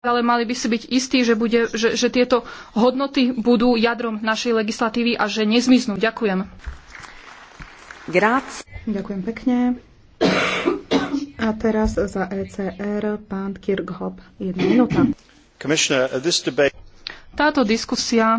ale mali by si byť istí, že, bude, že, že tieto hodnoty budú jadrom našej legislatívy a že nezmiznú. Ďakujem. Grác. Ďakujem pekne. A teraz za ECR pán Jedna minúta. Táto diskusia